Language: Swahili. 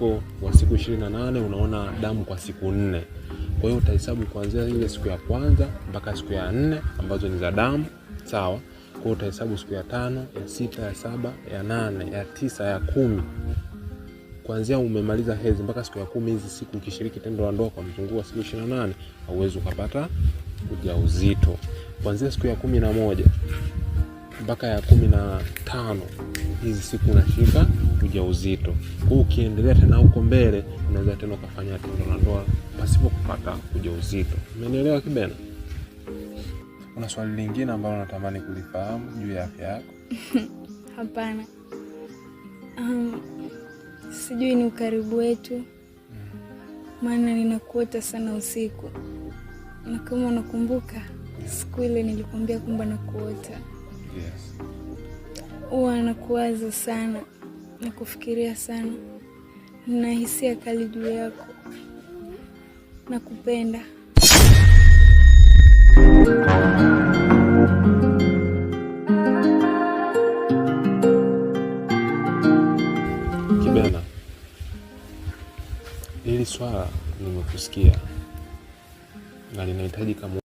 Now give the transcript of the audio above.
mzunguko wa siku 28 unaona damu kwa siku nne. Kwa hiyo utahesabu kuanzia ile siku ya kwanza mpaka siku ya nne ambazo ni za damu, sawa? Kwa hiyo utahesabu siku ya tano, ya sita, ya saba, ya nane, ya tisa, ya kumi kuanzia umemaliza hedhi mpaka siku ya kumi. Hizi siku ukishiriki tendo la ndoa kwa mzunguko wa siku 28 hauwezi ukapata ujauzito. Kuanzia siku ya kumi na moja mpaka ya kumi na tano hizi siku unashika ujauzito. Kwa ukiendelea tena huko mbele, unaweza tena ukafanya tendo la ndoa pasipo kupata ujauzito. Umenielewa Kibena? Kuna swali lingine ambalo natamani kulifahamu juu ya afya yako? Hapana. Um, sijui ni ukaribu wetu, mm. maana ninakuota sana usiku, na kama unakumbuka siku ile nilikwambia kwamba nakuota Yes. Huwa nakuwaza sana na kufikiria sana, nina hisia kali juu yako, nakupenda. Kibena, hili swala nimekusikia na linahitaji kama